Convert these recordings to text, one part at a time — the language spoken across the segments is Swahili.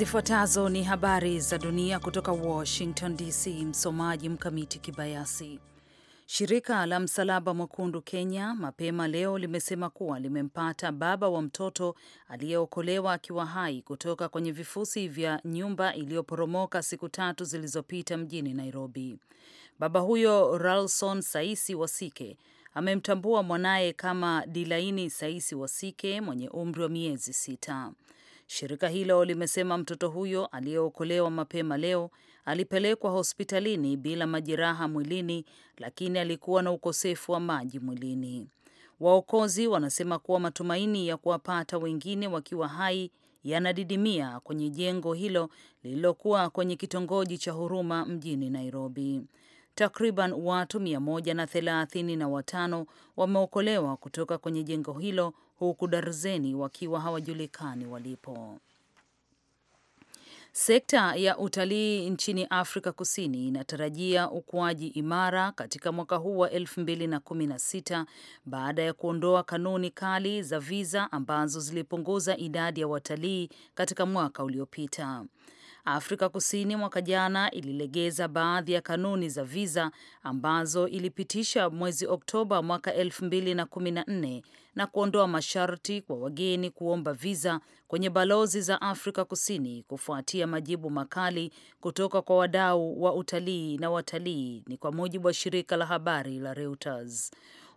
Zifuatazo ni habari za dunia kutoka Washington DC. Msomaji Mkamiti Kibayasi. Shirika la Msalaba Mwekundu Kenya mapema leo limesema kuwa limempata baba wa mtoto aliyeokolewa akiwa hai kutoka kwenye vifusi vya nyumba iliyoporomoka siku tatu zilizopita mjini Nairobi. Baba huyo Ralson Saisi Wasike amemtambua mwanaye kama Dilaini Saisi Wasike mwenye umri wa miezi sita. Shirika hilo limesema mtoto huyo aliyeokolewa mapema leo alipelekwa hospitalini bila majeraha mwilini, lakini alikuwa na ukosefu wa maji mwilini. Waokozi wanasema kuwa matumaini ya kuwapata wengine wakiwa hai yanadidimia kwenye jengo hilo lililokuwa kwenye kitongoji cha Huruma mjini Nairobi. Takriban watu 135 wameokolewa kutoka kwenye jengo hilo huku darzeni wakiwa hawajulikani walipo. Sekta ya utalii nchini Afrika Kusini inatarajia ukuaji imara katika mwaka huu wa 2016 baada ya kuondoa kanuni kali za viza ambazo zilipunguza idadi ya watalii katika mwaka uliopita. Afrika Kusini mwaka jana ililegeza baadhi ya kanuni za viza ambazo ilipitisha mwezi Oktoba mwaka 2014 na kuondoa masharti kwa wageni kuomba viza kwenye balozi za Afrika Kusini kufuatia majibu makali kutoka kwa wadau wa utalii na watalii, ni kwa mujibu wa shirika la habari la Reuters.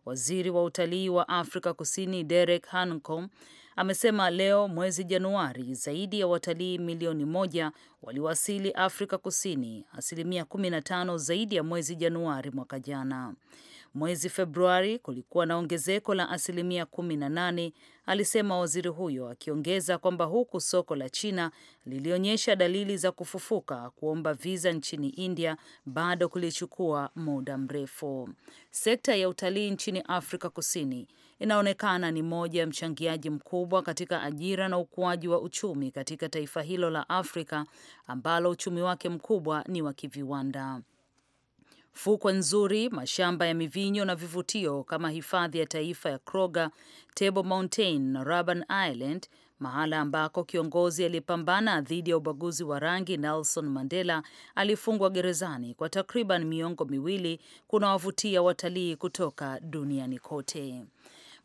Waziri wa utalii wa Afrika Kusini Derek Hanekom amesema leo mwezi Januari zaidi ya watalii milioni moja waliwasili Afrika Kusini, asilimia 15 zaidi ya mwezi Januari mwaka jana. Mwezi Februari kulikuwa na ongezeko la asilimia 18, alisema waziri huyo, akiongeza kwamba huku soko la China lilionyesha dalili za kufufuka, kuomba viza nchini India bado kulichukua muda mrefu. Sekta ya utalii nchini Afrika Kusini inaonekana ni moja ya mchangiaji mkubwa katika ajira na ukuaji wa uchumi katika taifa hilo la Afrika ambalo uchumi wake mkubwa ni wa kiviwanda. Fukwe nzuri, mashamba ya mivinyo na vivutio kama hifadhi ya taifa ya Kruger, Table Mountain na Robben Island, mahala ambako kiongozi aliyepambana dhidi ya ubaguzi wa rangi Nelson Mandela alifungwa gerezani kwa takriban miongo miwili, kunawavutia watalii kutoka duniani kote.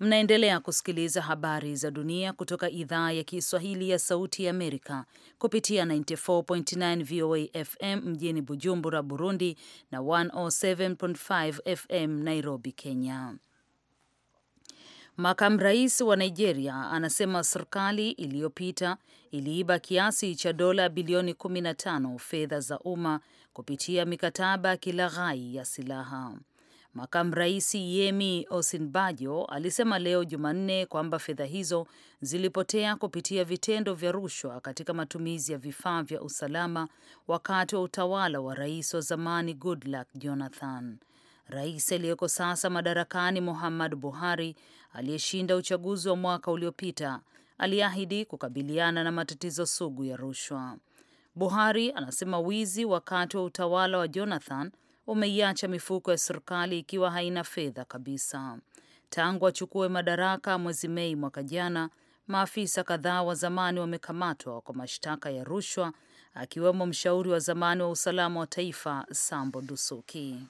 Mnaendelea kusikiliza habari za dunia kutoka idhaa ya Kiswahili ya Sauti ya Amerika kupitia 94.9 VOA FM mjini Bujumbura, Burundi na 107.5 FM Nairobi, Kenya. Makamu rais wa Nigeria anasema serikali iliyopita iliiba kiasi cha dola bilioni 15 fedha za umma kupitia mikataba ya kilaghai ya silaha. Makamu Rais Yemi Osinbajo alisema leo Jumanne kwamba fedha hizo zilipotea kupitia vitendo vya rushwa katika matumizi ya vifaa vya usalama wakati wa utawala wa rais wa zamani Goodluck Jonathan. Rais aliyeko sasa madarakani Muhammad Buhari, aliyeshinda uchaguzi wa mwaka uliopita, aliahidi kukabiliana na matatizo sugu ya rushwa. Buhari anasema wizi wakati wa utawala wa Jonathan umeiacha mifuko ya serikali ikiwa haina fedha kabisa. Tangu achukue madaraka mwezi Mei mwaka jana, maafisa kadhaa wa zamani wamekamatwa kwa mashtaka ya rushwa, akiwemo mshauri wa zamani wa usalama wa taifa Sambo Dusuki.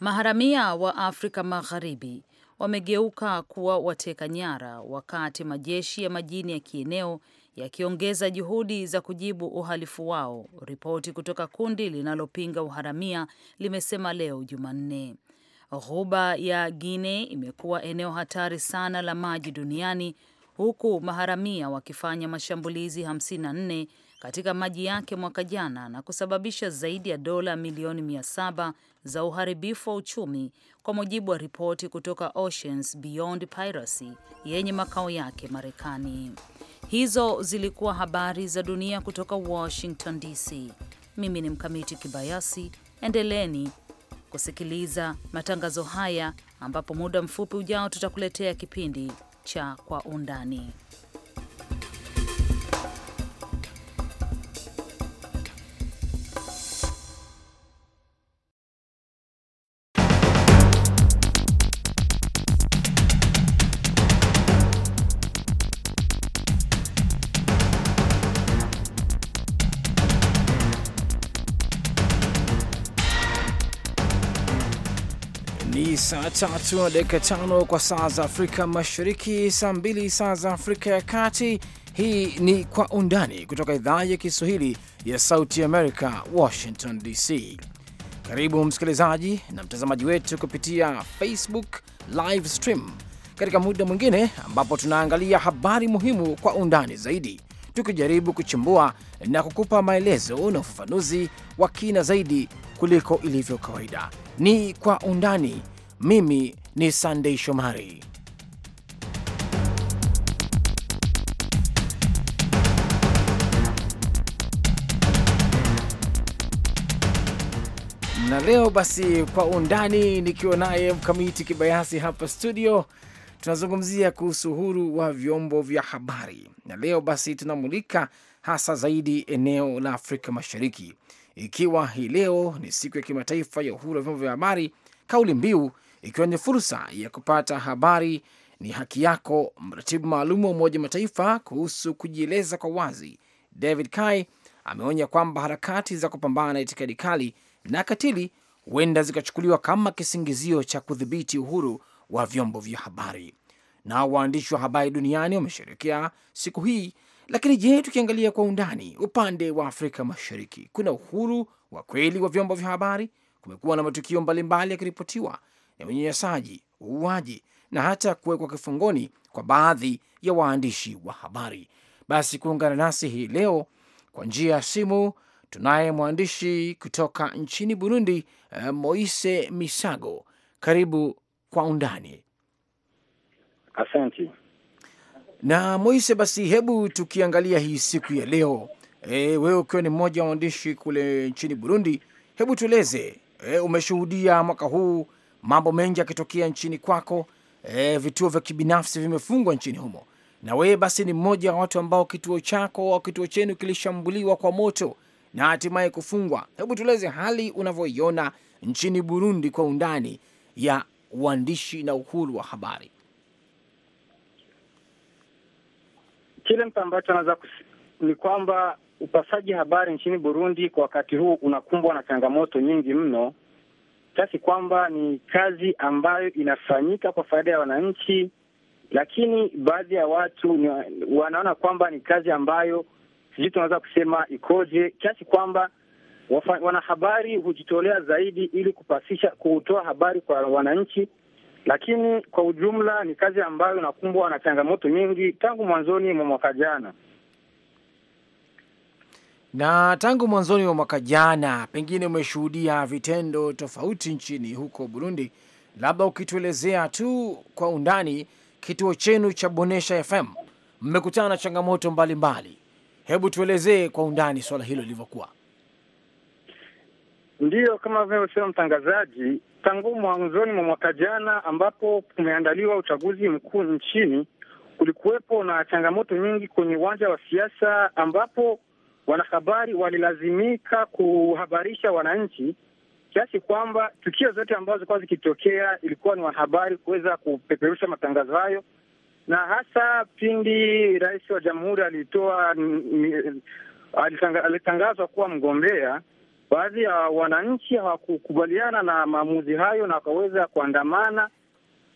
Maharamia wa Afrika Magharibi wamegeuka kuwa wateka nyara wakati majeshi ya majini ya kieneo yakiongeza juhudi za kujibu uhalifu wao, ripoti kutoka kundi linalopinga uharamia limesema leo Jumanne. Ghuba ya guine imekuwa eneo hatari sana la maji duniani huku maharamia wakifanya mashambulizi 54 katika maji yake mwaka jana na kusababisha zaidi ya dola milioni 700 za uharibifu wa uchumi, kwa mujibu wa ripoti kutoka Oceans Beyond Piracy yenye makao yake Marekani. Hizo zilikuwa habari za dunia kutoka Washington DC. Mimi ni Mkamiti Kibayasi. endeleni kusikiliza matangazo haya, ambapo muda mfupi ujao tutakuletea kipindi cha Kwa Undani. Saa tatu na dakika tano kwa saa za Afrika Mashariki, saa mbili saa za Afrika ya Kati. Hii ni Kwa Undani kutoka idhaa ya Kiswahili ya Sauti Amerika, Washington DC. Karibu msikilizaji na mtazamaji wetu kupitia Facebook live stream katika muda mwingine ambapo tunaangalia habari muhimu kwa undani zaidi, tukijaribu kuchimbua na kukupa maelezo na ufafanuzi wa kina zaidi kuliko ilivyo kawaida. Ni Kwa Undani. Mimi ni Sandei Shomari. Na leo basi, kwa undani nikiwa naye Mkamiti Kibayasi hapa studio, tunazungumzia kuhusu uhuru wa vyombo vya habari, na leo basi tunamulika hasa zaidi eneo la Afrika Mashariki, ikiwa hii leo ni siku ya kimataifa ya uhuru wa vyombo vya habari. Kauli mbiu ikiwa ni fursa ya kupata habari ni haki yako. Mratibu maalum wa Umoja Mataifa kuhusu kujieleza kwa wazi David Kai ameonya kwamba harakati za kupambana na itikadi kali na katili huenda zikachukuliwa kama kisingizio cha kudhibiti uhuru wa vyombo vya habari. Nao waandishi wa habari duniani wamesherekea siku hii. Lakini je, tukiangalia kwa undani upande wa Afrika Mashariki, kuna uhuru wa kweli wa vyombo vya habari? Kumekuwa na matukio mbalimbali yakiripotiwa ya unyanyasaji, uuaji na hata kuwekwa kifungoni kwa baadhi ya waandishi wa habari. Basi kuungana nasi hii leo kwa njia ya simu tunaye mwandishi kutoka nchini Burundi, eh, Moise Misago. Karibu kwa undani. Asante. Na Moise, basi hebu tukiangalia hii siku ya leo, e, wewe ukiwa ni mmoja wa waandishi kule nchini Burundi, hebu tueleze e, umeshuhudia mwaka huu mambo mengi yakitokea nchini kwako, e, vituo vya kibinafsi vimefungwa nchini humo, na wewe basi ni mmoja wa watu ambao kituo chako au kituo chenu kilishambuliwa kwa moto na hatimaye kufungwa. Hebu tueleze hali unavyoiona nchini Burundi kwa undani ya uandishi na uhuru wa habari. Kile mtu ambacho anaweza ni kwamba upasaji habari nchini Burundi kwa wakati huu unakumbwa na changamoto nyingi mno, kiasi kwamba ni kazi ambayo inafanyika kwa faida ya wananchi, lakini baadhi ya watu ni, wanaona kwamba ni kazi ambayo sijui tunaweza kusema ikoje, kiasi kwamba wanahabari hujitolea zaidi ili kupasisha kutoa habari kwa wananchi, lakini kwa ujumla ni kazi ambayo inakumbwa na changamoto nyingi tangu mwanzoni mwa mwaka jana. Na tangu mwanzoni wa mwaka jana, pengine umeshuhudia vitendo tofauti nchini huko Burundi, labda ukituelezea tu kwa undani. Kituo chenu cha Bonesha FM mmekutana na changamoto mbalimbali, hebu tuelezee kwa undani swala hilo lilivyokuwa. Ndiyo, kama vinavyosema mtangazaji, tangu mwanzoni mwa mwaka jana ambapo kumeandaliwa uchaguzi mkuu nchini, kulikuwepo na changamoto nyingi kwenye uwanja wa siasa, ambapo wanahabari walilazimika kuhabarisha wananchi kiasi kwamba tukio zote ambazo zilikuwa zikitokea ilikuwa ni wanahabari kuweza kupeperusha matangazo hayo, na hasa pindi rais wa jamhuri alitoa alitangazwa kuwa mgombea, baadhi ya wananchi hawakukubaliana na maamuzi hayo na wakaweza kuandamana,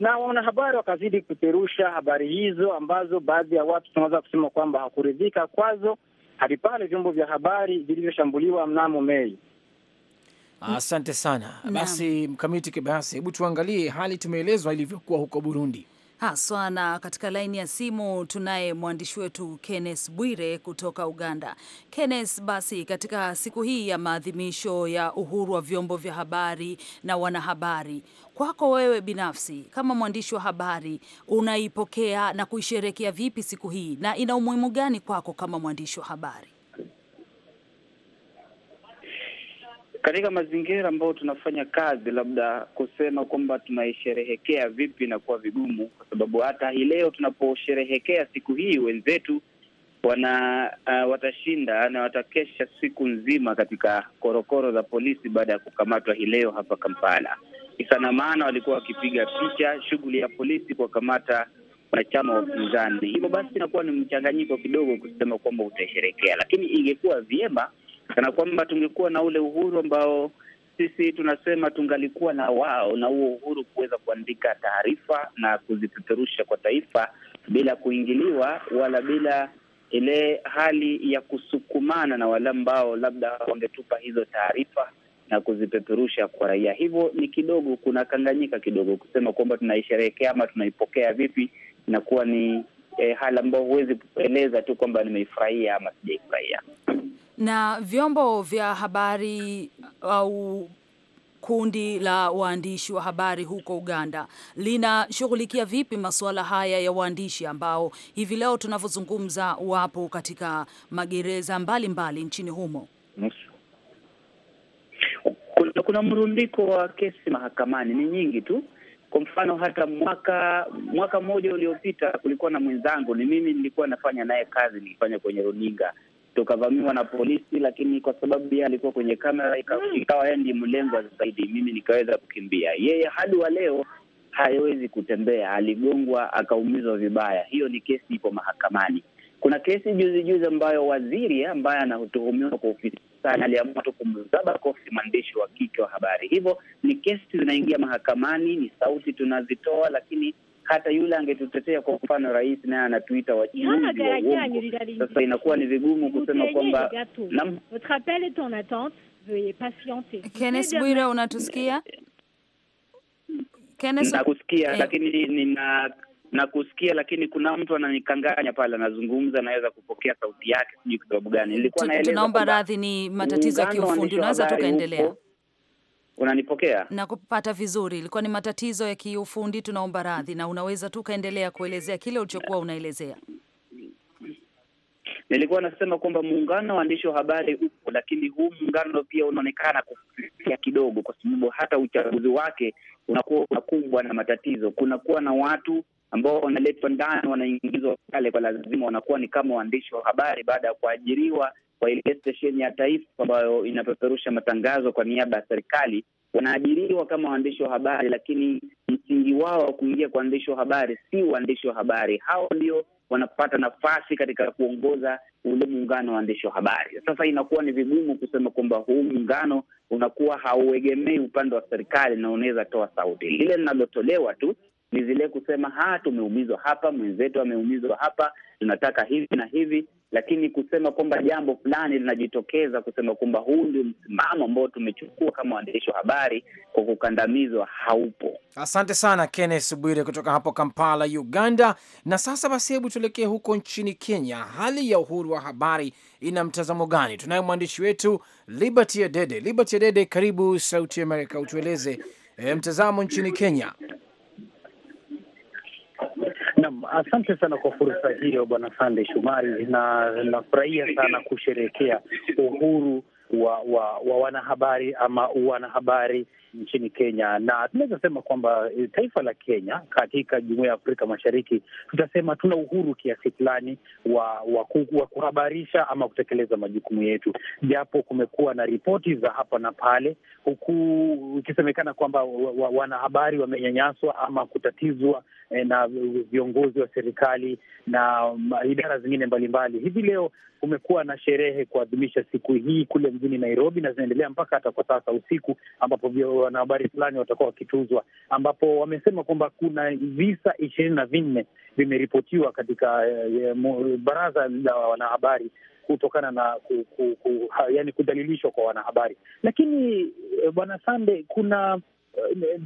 na wanahabari wakazidi kupeperusha habari hizo ambazo baadhi ya watu tunaweza kusema kwamba hakuridhika kwazo hadi pale vyombo vya habari vilivyoshambuliwa mnamo Mei. Asante sana. Basi Mkamiti Kibasi, hebu tuangalie hali tumeelezwa ilivyokuwa huko Burundi haswa. Na katika laini ya simu tunaye mwandishi wetu Kenneth Bwire kutoka Uganda. Kenneth, basi katika siku hii ya maadhimisho ya uhuru wa vyombo vya habari na wanahabari, kwako wewe binafsi kama mwandishi wa habari unaipokea na kuisherekea vipi siku hii na ina umuhimu gani kwako kama mwandishi wa habari? katika mazingira ambayo tunafanya kazi, labda kusema kwamba tunaisherehekea vipi inakuwa vigumu, kwa sababu hata hii leo tunaposherehekea siku hii wenzetu wana uh, watashinda na watakesha siku nzima katika korokoro za polisi baada ya kukamatwa hii leo hapa Kampala. Kisa na maana walikuwa wakipiga picha shughuli ya polisi kuwakamata wanachama wa upinzani. Hivyo basi inakuwa ni mchanganyiko kidogo kusema kwamba utaisherekea, lakini ingekuwa vyema kana kwamba tungekuwa na ule uhuru ambao sisi tunasema tungalikuwa na wao na huo uhuru kuweza kuandika taarifa na kuzipeperusha kwa taifa bila kuingiliwa wala bila ile hali ya kusukumana na wale ambao labda wangetupa hizo taarifa na kuzipeperusha kwa raia. Hivyo ni kidogo kunakanganyika kidogo, kusema kwamba tunaisherehekea ama tunaipokea vipi, inakuwa ni eh, hali ambayo huwezi kueleza tu kwamba nimeifurahia ama sijaifurahia na vyombo vya habari au kundi la waandishi wa habari huko Uganda linashughulikia vipi masuala haya ya waandishi ambao hivi leo tunavyozungumza wapo katika magereza mbalimbali nchini humo? Kuna, kuna mrundiko wa kesi mahakamani, ni nyingi tu. Kwa mfano hata mwaka mwaka mmoja uliopita kulikuwa na mwenzangu, ni mimi nilikuwa nafanya naye kazi, nilifanya kwenye runinga tukavamiwa na polisi, lakini kwa sababu yeye alikuwa kwenye kamera hmm. ikawa yeye ndiye mlengwa zaidi, mimi nikaweza kukimbia. Yeye hadi wa leo hawezi kutembea, aligongwa akaumizwa vibaya. Hiyo ni kesi ipo mahakamani. Kuna kesi juzi juzi ambayo waziri ambaye anatuhumiwa kwa ufisadi aliamua tu kumzaba kofi mwandishi wa kike wa habari. Hivyo ni kesi zinaingia mahakamani, ni sauti tunazitoa, lakini hata yule angetutetea kwa mfano, rais naye anatuita wachuuzi wa uongo. Sasa inakuwa ni vigumu kusema kwamba Kenneth Bwire, unatusikia? Kenneth, nakusikia eh. lakini nina nakusikia lakini kuna mtu ananikanganya pale, anazungumza, naweza kupokea sauti yake, sijui kwa sababu gani. Nilikuwa naeleza, tunaomba radhi, ni matatizo ya kiufundi. Unaweza tukaendelea Unanipokea na kupata vizuri? Ilikuwa ni matatizo ya kiufundi, tunaomba radhi, na unaweza tu kaendelea kuelezea kile ulichokuwa unaelezea. Nilikuwa nasema kwamba muungano wa waandishi wa habari upo, lakini huu muungano pia unaonekana kufifia kidogo, kwa sababu hata uchaguzi wake unakuwa unakumbwa na matatizo. Kunakuwa na watu ambao wanaletwa ndani, wanaingizwa pale kwa lazima, wanakuwa ni kama waandishi wa habari baada ya kuajiriwa kwa ile stesheni ya taifa ambayo inapeperusha matangazo kwa niaba ya serikali, wanaajiriwa kama waandishi wa habari, lakini msingi wao wa kuingia kwa waandishi wa habari si waandishi wa habari. Hao ndio wanapata nafasi katika kuongoza ule muungano wa waandishi wa habari. Sasa inakuwa ni vigumu kusema kwamba huu muungano unakuwa hauegemei upande wa serikali na unaweza toa sauti. Lile linalotolewa tu ni zile kusema, ha, tumeumizwa hapa, mwenzetu ameumizwa hapa, tunataka hivi na hivi lakini kusema kwamba jambo fulani linajitokeza kusema kwamba huu ndio msimamo ambao tumechukua kama waandishi wa habari kwa kukandamizwa haupo. Asante sana kennes Bwire kutoka hapo Kampala, Uganda. Na sasa basi, hebu tuelekee huko nchini Kenya. Hali ya uhuru wa habari ina mtazamo gani? Tunaye mwandishi wetu Liberty Adede. Liberty Adede, karibu Sauti Amerika, utueleze e, mtazamo nchini Kenya Naam, asante sana kwa fursa hiyo Bwana Sande Shumari, na nafurahia sana kusherehekea uhuru wa, wa, wa wanahabari ama wanahabari nchini Kenya, na tunaweza sema kwamba eh, taifa la Kenya katika jumuiya ya Afrika Mashariki tutasema tuna uhuru kiasi fulani wa, wa, wa kuhabarisha ama kutekeleza majukumu yetu, japo kumekuwa na ripoti za hapa na pale, huku ikisemekana kwamba wanahabari wa, wa, wamenyanyaswa ama kutatizwa eh, na viongozi wa serikali na idara zingine mbalimbali. Hivi leo kumekuwa na sherehe kuadhimisha siku hii kule mjini Nairobi, na zinaendelea mpaka hata kwa sasa usiku ambapo wanahabari fulani watakuwa wakituzwa, ambapo wamesema kwamba kuna visa ishirini na vinne vimeripotiwa katika e, baraza la wanahabari kutokana na ku, ku, ku, ha, yani kudhalilishwa kwa wanahabari. Lakini eh, bwana Sande, kuna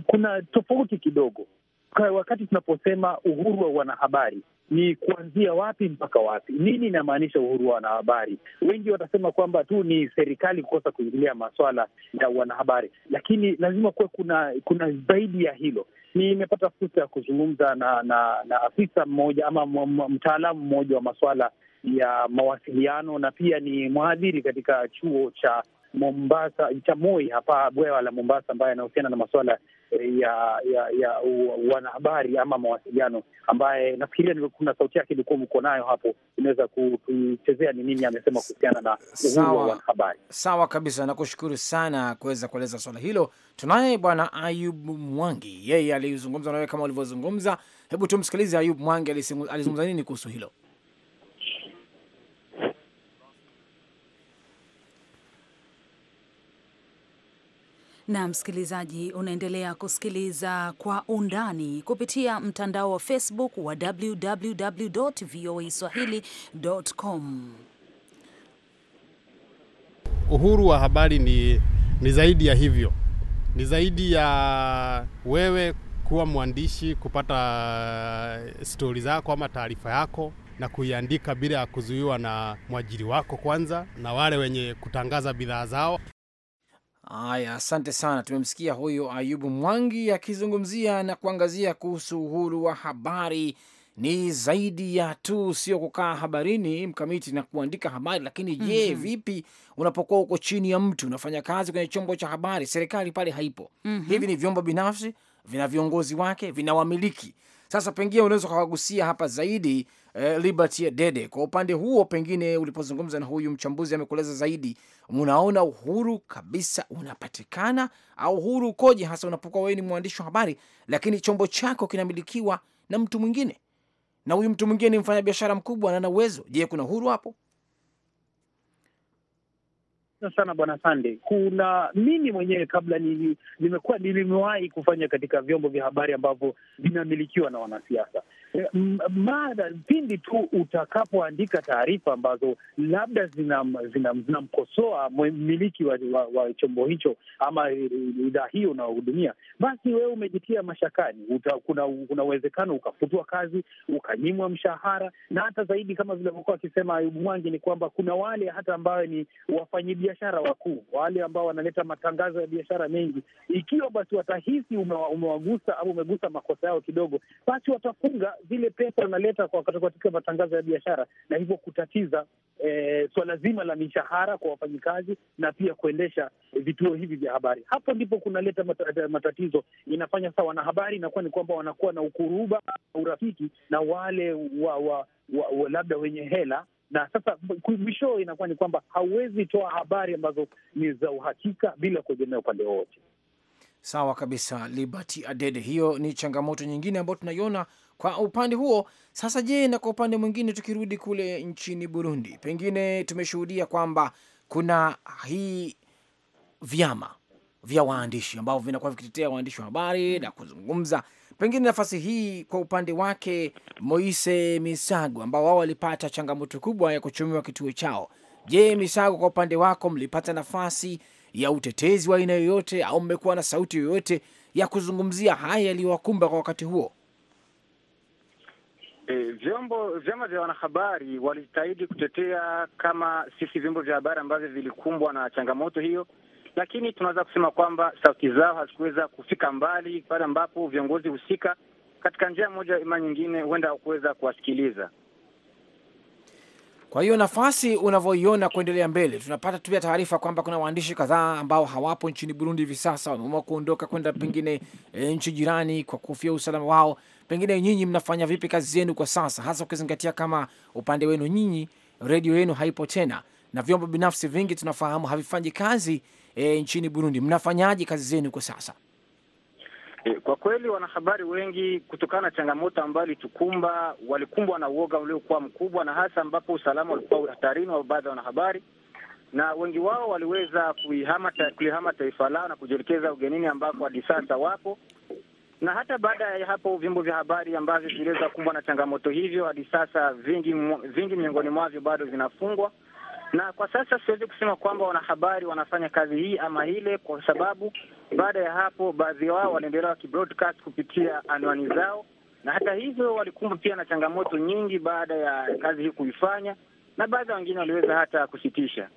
kuna tofauti kidogo kwa wakati tunaposema uhuru wa wanahabari ni kuanzia wapi mpaka wapi? Nini inamaanisha uhuru wa wanahabari? Wengi watasema kwamba tu ni serikali kukosa kuingilia maswala ya wanahabari, lakini lazima kuwe kuna kuna zaidi ya hilo. Nimepata fursa ya kuzungumza na na, na afisa mmoja ama mtaalamu mmoja wa maswala ya mawasiliano na pia ni mhadhiri katika chuo cha Mombasa cha MOI hapa bwewa la Mombasa, ambaye anahusiana na masuala eh, ya ya ya wanahabari ama mawasiliano, ambaye nafikiria kuna sauti yake ilikuwa mko nayo hapo, inaweza kutuchezea ni nini amesema kuhusiana na uhuru wa wanahabari. Sawa kabisa, nakushukuru sana kuweza kueleza swala hilo. Tunaye bwana Ayub Mwangi, yeye alizungumza nawe kama ulivyozungumza. Hebu tumsikilize Ayub Mwangi alizungumza nini kuhusu hilo. Na msikilizaji, unaendelea kusikiliza kwa undani kupitia mtandao wa Facebook wa swahili.com. Uhuru wa habari ni, ni zaidi ya hivyo, ni zaidi ya wewe kuwa mwandishi kupata stori zako ama taarifa yako na kuiandika bila ya kuzuiwa na mwajiri wako kwanza na wale wenye kutangaza bidhaa zao. Haya, asante sana. Tumemsikia huyu Ayubu Mwangi akizungumzia na kuangazia kuhusu uhuru wa habari. Ni zaidi ya tu sio kukaa habarini mkamiti na kuandika habari, lakini je, mm -hmm. vipi unapokuwa uko chini ya mtu, unafanya kazi kwenye chombo cha habari, serikali pale haipo. mm -hmm. hivi ni vyombo binafsi, vina viongozi wake, vina wamiliki. Sasa pengine unaweza ukawagusia hapa zaidi eh, Liberty Dede, kwa upande huo, pengine ulipozungumza na huyu mchambuzi amekueleza zaidi, unaona uhuru kabisa unapatikana au uhuru ukoje, hasa unapokuwa wewe ni mwandishi wa habari, lakini chombo chako kinamilikiwa na mtu mwingine, na huyu mtu mwingine ni mfanyabiashara mkubwa na ana uwezo. Je, kuna uhuru hapo? sana Bwana Sande, kuna mimi mwenyewe kabla nimekuwa nilimewahi kufanya katika vyombo vya habari ambavyo vinamilikiwa na wanasiasa. Eh, mara pindi tu utakapoandika taarifa ambazo labda zinamkosoa zina, zina mmiliki wa, wa, wa chombo hicho ama eh, idhaa hiyo unaohudumia, basi wewe umejitia mashakani. Uta, kuna kuna uwezekano ukafutwa kazi, ukanyimwa mshahara, na hata zaidi kama vilivyokuwa akisema Ayubu eh, Mwangi ni kwamba kuna wale hata ambayo ni wafanyabiashara wakuu, wale ambao wanaleta matangazo ya biashara mengi, ikiwa basi watahisi umewagusa au umegusa makosa yao kidogo, basi watafunga zile pesa wanaleta katika matangazo ya biashara, na hivyo kutatiza e, swala zima la mishahara kwa wafanyikazi na pia kuendesha vituo hivi vya habari. Hapo ndipo kunaleta matatizo, inafanya sasa wanahabari inakuwa ni kwamba wanakuwa na ukuruba na urafiki na wale wa, wa, wa, wa labda wenye hela na sasa mwisho inakuwa ni kwamba hauwezi toa habari ambazo ni za uhakika bila kuegemea upande wowote. Sawa kabisa, Liberty Adede. Hiyo ni changamoto nyingine ambayo tunaiona kwa upande huo sasa, je, na kwa upande mwingine tukirudi kule nchini Burundi, pengine tumeshuhudia kwamba kuna hii vyama vya waandishi ambao vinakuwa vikitetea waandishi wa habari na kuzungumza, pengine nafasi hii kwa upande wake Moise Misago, ambao wao walipata changamoto kubwa ya kuchumiwa kituo chao. Je, Misago, kwa upande wako mlipata nafasi ya utetezi wa aina yoyote, au mmekuwa na sauti yoyote ya kuzungumzia haya yaliyowakumba kwa wakati huo? E, vyombo vyama vya wanahabari walijitahidi kutetea kama sisi vyombo vya habari ambavyo vilikumbwa na changamoto hiyo, lakini tunaweza kusema kwamba sauti zao hazikuweza kufika mbali pale ambapo viongozi husika katika njia moja ima nyingine huenda hakuweza kuwasikiliza. Kwa hiyo nafasi unavyoiona kuendelea mbele, tunapata tu taarifa kwamba kuna waandishi kadhaa ambao hawapo nchini Burundi hivi sasa, wameamua kuondoka kwenda pengine e, nchi jirani kwa kuhofia usalama wao pengine nyinyi mnafanya vipi kazi zenu kwa sasa, hasa ukizingatia kama upande wenu nyinyi redio yenu haipo tena na vyombo binafsi vingi tunafahamu havifanyi kazi e, nchini Burundi. Mnafanyaje kazi zenu kwa sasa? E, kwa kweli wanahabari wengi kutokana na changamoto ambayo ilitukumba walikumbwa na uoga uliokuwa mkubwa, na hasa ambapo usalama ulikuwa uhatarini wa baadhi ya wanahabari, na wengi wao waliweza kulihama taifa lao na kujielekeza ugenini ambako hadi sasa wapo, na hata baada ya hapo vyombo vya habari ambavyo viliweza kumbwa na changamoto hivyo hadi sasa vingi, vingi miongoni mwavyo bado vinafungwa, na kwa sasa siwezi kusema kwamba wanahabari wanafanya kazi hii ama ile, kwa sababu baada ya hapo baadhi wao wanaendelea wakibroadcast kupitia anwani zao, na hata hivyo walikumbwa pia na changamoto nyingi baada ya kazi hii kuifanya, na baadhi ya wengine waliweza hata kusitisha.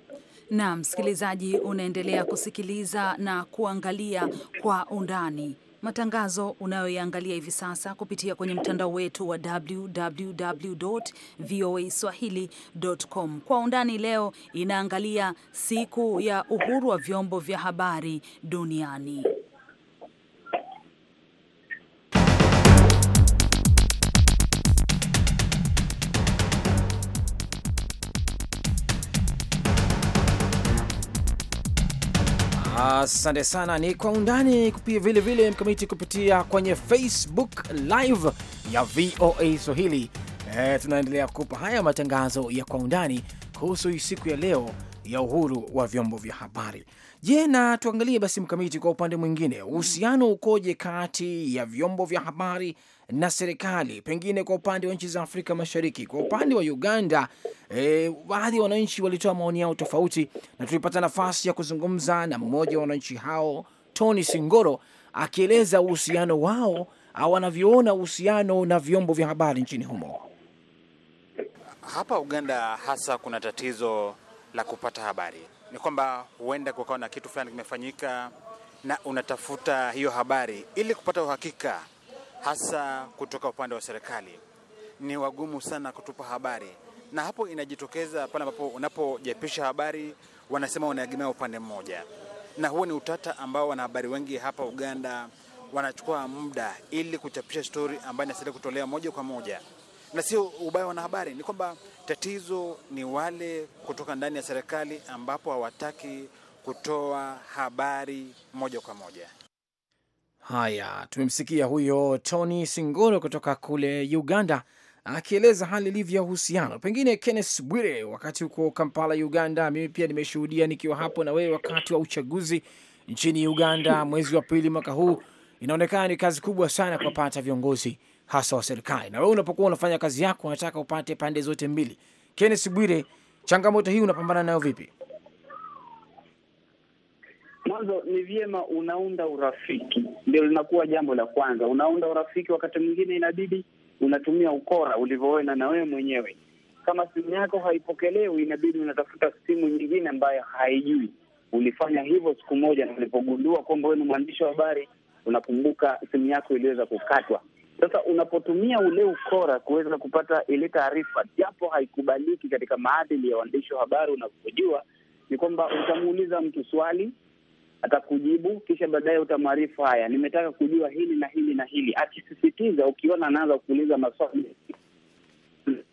Naam, msikilizaji, unaendelea kusikiliza na kuangalia kwa undani Matangazo unayoyaangalia hivi sasa kupitia kwenye mtandao wetu wa swahilicom Kwa undani leo inaangalia siku ya uhuru wa vyombo vya habari duniani. Asante sana, ni kwa undani kupia vile vile mkamiti kupitia kwenye Facebook live ya VOA Swahili. E, tunaendelea kukupa haya matangazo ya kwa undani kuhusu siku ya leo ya uhuru wa vyombo vya habari. Je, na tuangalie basi mkamiti, kwa upande mwingine, uhusiano ukoje kati ya vyombo vya habari na serikali, pengine kwa upande wa nchi za Afrika Mashariki, kwa upande wa Uganda, e, baadhi ya wananchi walitoa maoni yao tofauti, na tulipata nafasi ya kuzungumza na mmoja wa wananchi hao Tony Singoro akieleza uhusiano wao au wanavyoona uhusiano na vyombo vya habari nchini humo. Hapa Uganda hasa kuna tatizo la kupata habari, ni kwamba huenda kukawa na kitu fulani kimefanyika, na unatafuta hiyo habari ili kupata uhakika hasa kutoka upande wa serikali ni wagumu sana kutupa habari, na hapo inajitokeza pale ambapo unapojapisha habari wanasema unaegemea upande mmoja, na huo ni utata ambao wanahabari wengi hapa Uganda wanachukua muda ili kuchapisha stori ambayo inasaidia kutolea moja kwa moja, na sio ubaya wa wanahabari, ni kwamba tatizo ni wale kutoka ndani ya serikali ambapo hawataki kutoa habari moja kwa moja. Haya, tumemsikia huyo Tony Singoro kutoka kule Uganda akieleza hali ilivyo ya uhusiano. Pengine Kennes Bwire, wakati huko Kampala, Uganda, mimi pia nimeshuhudia nikiwa hapo na wewe wakati wa uchaguzi nchini Uganda mwezi wa pili mwaka huu. Inaonekana ni kazi kubwa sana kuwapata viongozi hasa wa serikali, na wewe unapokuwa unafanya kazi yako unataka upate pande zote mbili. Kennes Bwire, changamoto hii unapambana nayo vipi? mwanzo ni vyema unaunda urafiki, ndio linakuwa jambo la kwanza. Unaunda urafiki, wakati mwingine inabidi unatumia ukora ulivyoona na wewe mwenyewe. Kama simu yako haipokelewi, inabidi unatafuta simu nyingine ambayo haijui. Ulifanya hivyo siku moja, na ulipogundua kwamba wewe ni mwandishi wa habari, unakumbuka simu yako iliweza kukatwa. Sasa unapotumia ule ukora kuweza kupata ile taarifa, japo haikubaliki katika maadili ya waandishi wa habari, unapojua ni kwamba utamuuliza mtu swali atakujibu, kisha baadaye utamwarifu, haya, nimetaka kujua hili na hili na hili, akisisitiza. Ukiona anaanza kuuliza maswali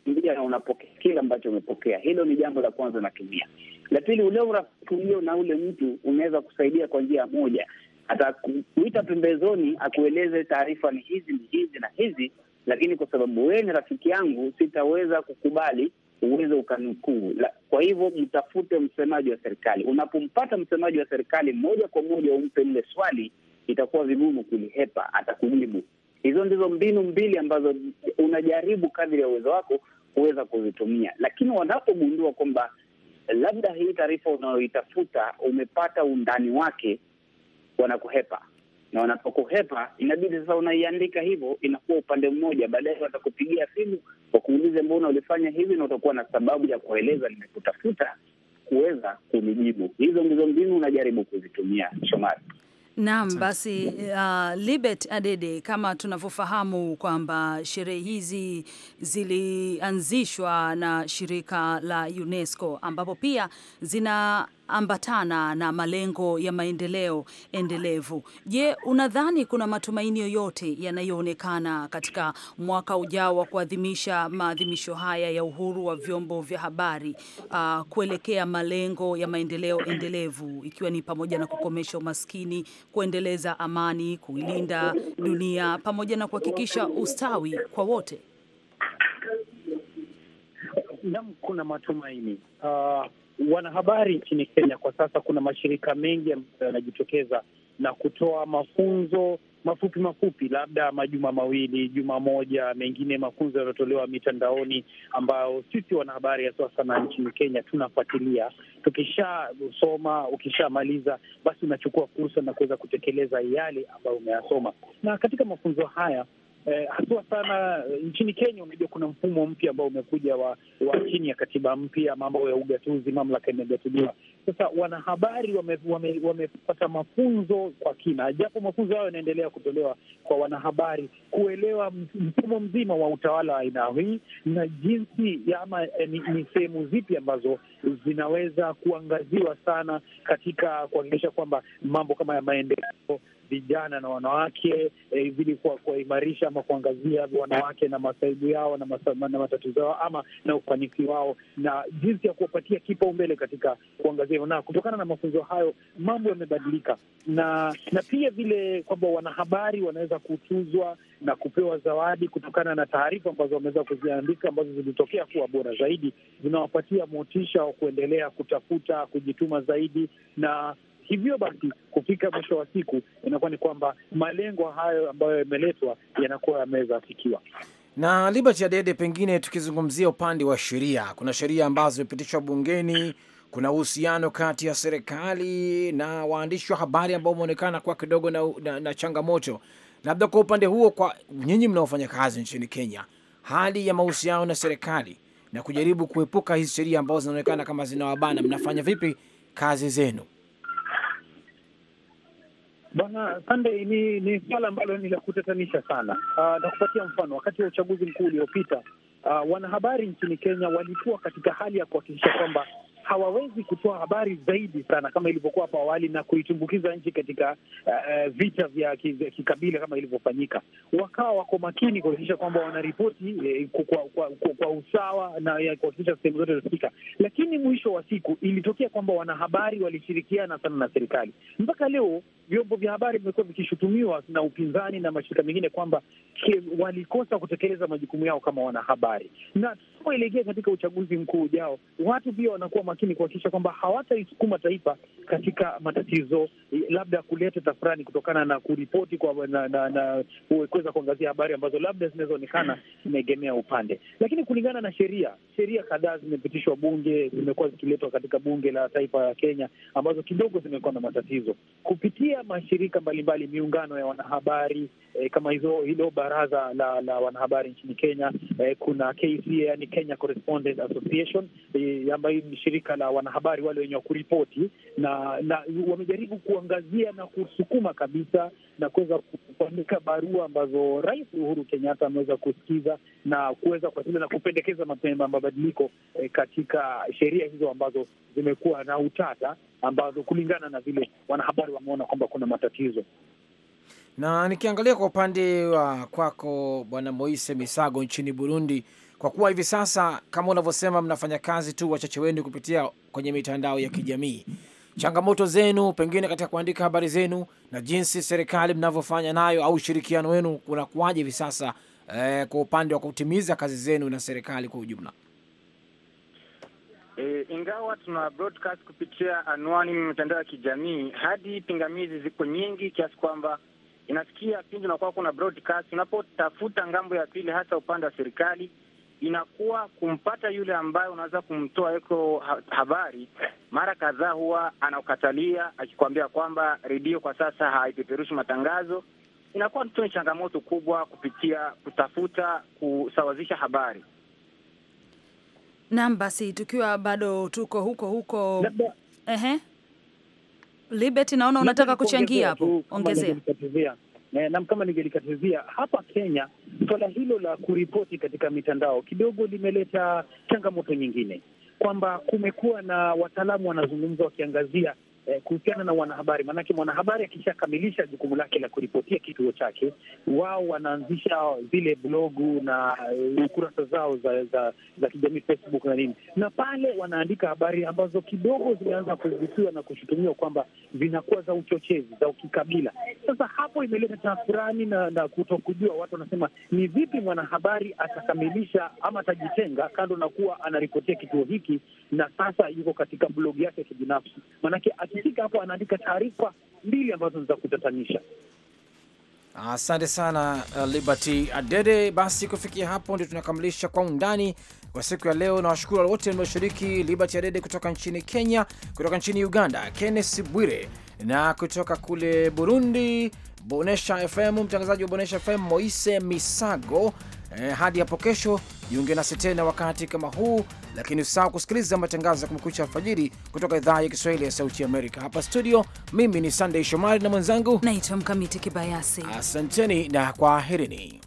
mbia na unapokea kile ambacho umepokea. Hilo ni jambo la kwanza kimia. La pili, ule urafiki ulio na ule mtu unaweza kusaidia kwa njia moja, atakuita pembezoni akueleze taarifa ni hizi ni hizi na hizi, lakini kwa sababu wewe ni rafiki yangu, sitaweza kukubali uweze ukanukuu. Kwa hivyo mtafute msemaji wa serikali. Unapompata msemaji wa serikali moja kwa moja umpe lile swali, itakuwa vigumu kulihepa, atakujibu. Hizo ndizo mbinu mbili ambazo unajaribu kadri ya uwezo wako kuweza kuzitumia, lakini wanapogundua kwamba labda hii taarifa unayoitafuta umepata undani wake, wanakuhepa na wanapokuhepa inabidi sasa unaiandika hivyo, inakuwa upande mmoja. Baadaye watakupigia simu wakuulize, mbona ulifanya hivi, na utakuwa na sababu ya kueleza nimekutafuta kuweza kunijibu. Hizo ndizo mbinu unajaribu kuzitumia, Shomari. Naam, basi uh, Libet Adede, kama tunavyofahamu kwamba sherehe hizi zilianzishwa na shirika la UNESCO ambapo pia zina ambatana na malengo ya maendeleo endelevu. Je, unadhani kuna matumaini yoyote yanayoonekana katika mwaka ujao wa kuadhimisha maadhimisho haya ya uhuru wa vyombo vya habari uh, kuelekea malengo ya maendeleo endelevu ikiwa ni pamoja na kukomesha umaskini, kuendeleza amani, kuilinda dunia pamoja na kuhakikisha ustawi kwa wote? Naam, kuna matumaini uh wanahabari nchini Kenya kwa sasa, kuna mashirika mengi ambayo yanajitokeza na kutoa mafunzo mafupi mafupi, labda majuma mawili, juma moja, mengine mafunzo yanayotolewa mitandaoni, ambayo sisi wanahabari haswa sana nchini Kenya tunafuatilia. Tukishasoma, ukishamaliza, basi unachukua fursa na kuweza kutekeleza yale ambayo umeyasoma. Na katika mafunzo haya eh, haswa sana eh, nchini Kenya. Unajua kuna mfumo mpya ambao umekuja wa, wa chini ya katiba mpya, mambo ya ugatuzi, mamlaka imegatuliwa. Sasa wanahabari wamepata wame, wame mafunzo kwa kina, japo mafunzo hayo yanaendelea kutolewa kwa wanahabari kuelewa mfumo mzima wa utawala wa aina hii na jinsi ya ama eh, ni, ni sehemu zipi ambazo zinaweza kuangaziwa sana katika kuhakikisha kwamba mambo kama ya maendeleo vijana na wanawake vili eh, kuwaimarisha ama kuangazia wanawake na masaibu yao na, masa, na matatizo yao ama na ufanisi wao na jinsi ya kuwapatia kipaumbele katika kuangazia. Na kutokana na mafunzo hayo mambo yamebadilika, na na pia vile kwamba wanahabari wanaweza kutuzwa na kupewa zawadi kutokana na taarifa ambazo wameweza kuziandika ambazo zilitokea kuwa bora zaidi, zinawapatia motisha wa kuendelea kutafuta kujituma zaidi na Hivyo basi kufika mwisho wa siku inakuwa ni kwamba malengo hayo ambayo yameletwa yanakuwa yameweza afikiwa na Liberty Adede, pengine tukizungumzia upande wa sheria, kuna sheria ambazo zimepitishwa bungeni. Kuna uhusiano kati ya serikali na waandishi wa habari ambao umeonekana kuwa kidogo na, na, na changamoto labda kwa upande huo. Kwa nyinyi mnaofanya kazi nchini Kenya, hali ya mahusiano na serikali na kujaribu kuepuka hizi sheria ambazo zinaonekana kama zinawabana, mnafanya vipi kazi zenu? Bwana Sande, ni ni swala ambalo ni la kutatanisha sana. Ah, Nakupatia mfano wakati wa uchaguzi mkuu uliopita uh, wanahabari nchini Kenya walikuwa katika hali ya kuhakikisha kwamba hawawezi kutoa habari zaidi sana kama ilivyokuwa hapo awali na kuitumbukiza nchi katika uh, vita vya kikabila kama ilivyofanyika. Wakawa wako makini kuhakikisha kwamba wanaripoti eh, kwa, kwa, kwa, kwa usawa na kuhakikisha sehemu zote zinafika, lakini mwisho wa siku ilitokea kwamba wanahabari walishirikiana sana na serikali mpaka leo vyombo vya habari vimekuwa vikishutumiwa na upinzani na mashirika mengine kwamba walikosa kutekeleza majukumu yao kama wanahabari, na tunapoelekea katika uchaguzi mkuu ujao, watu pia wanakuwa makini kuhakikisha kwamba hawataisukuma taifa katika matatizo, eh, labda kuleta tafurani kutokana na kuripoti kwa na, na, na kuweza kuangazia habari ambazo labda zinazoonekana zimeegemea upande. Lakini kulingana na sheria, sheria kadhaa zimepitishwa bunge, zimekuwa zikiletwa katika bunge la taifa la Kenya ambazo kidogo zimekuwa na matatizo kupitia pia mashirika mbalimbali, miungano ya wanahabari eh, kama hizo hilo baraza la, la wanahabari nchini Kenya eh, kuna KCA, yani Kenya Correspondent Association eh, ambayo ni shirika la wanahabari wale wenye wa kuripoti, na, na wamejaribu kuangazia na kusukuma kabisa na kuweza kuandika barua ambazo Rais Uhuru Kenyatta ameweza kusikiza na kuweza kuwasilia na kupendekeza mapema mabadiliko eh, katika sheria hizo ambazo zimekuwa na utata ambazo kulingana na vile wanahabari wameona kwamba kuna matatizo. Na nikiangalia kwa upande wa kwako, Bwana Moise Misago, nchini Burundi, kwa kuwa hivi sasa kama unavyosema mnafanya kazi tu wachache wenu kupitia kwenye mitandao ya kijamii, changamoto zenu pengine katika kuandika habari zenu na jinsi serikali mnavyofanya nayo au ushirikiano wenu unakuwaje hivi sasa eh, kwa upande wa kutimiza kazi zenu na serikali kwa ujumla? E, ingawa tuna broadcast kupitia anwani mitandao ya kijamii, hadi pingamizi ziko nyingi kiasi kwamba inafikia pindi unakuwa kuna broadcast, unapotafuta ngambo ya pili, hasa upande wa serikali, inakuwa kumpata yule ambaye unaweza kumtoa iko habari, mara kadhaa huwa anakatalia akikwambia kwamba redio kwa sasa haipeperushi matangazo. Inakuwa tu ni changamoto kubwa kupitia kutafuta kusawazisha habari. Naam, basi tukiwa bado tuko huko huko Laba. Ehe. Liberty, naona unataka kuchangia hapo, ongezea. Naam, kama ningelikatizia hapa Kenya, swala hilo la kuripoti katika mitandao kidogo limeleta changamoto nyingine, kwamba kumekuwa na wataalamu wanazungumza wakiangazia eh, kuhusiana na wanahabari, maanake mwanahabari akishakamilisha jukumu lake la kuripotia kituo chake, wao wanaanzisha zile blogu na uh, kurasa zao za, za, za kijamii Facebook na nini, na pale wanaandika habari ambazo kidogo zimeanza kugusiwa na kushutumiwa kwamba zinakuwa za uchochezi, za ukikabila. Sasa hapo imeleta tafurani na, na kutokujua. Watu wanasema ni vipi mwanahabari atakamilisha ama atajitenga kando na kuwa anaripotia kituo hiki, na sasa yuko katika blogu yake kibinafsi, maanake anapofika hapo anaandika taarifa mbili ambazo ni za kutatanisha. Asante sana uh, Liberty Adede. Basi kufikia hapo ndio tunakamilisha kwa undani kwa siku ya leo, na washukuru wote walioshiriki, Liberty Adede kutoka nchini Kenya, kutoka nchini Uganda kennes Bwire, na kutoka kule Burundi Bonesha FM, mtangazaji wa Bonesha FM Moise Misago Eh, hadi hapo kesho jiunge nasi tena wakati kama huu, lakini usisahau kusikiliza matangazo ya Kumekucha alfajiri kutoka idhaa ya Kiswahili ya Sauti Amerika. Hapa studio, mimi ni sandey Shomari na mwenzangu naitwa Mkamiti Kibayasi. Asanteni na kwaherini.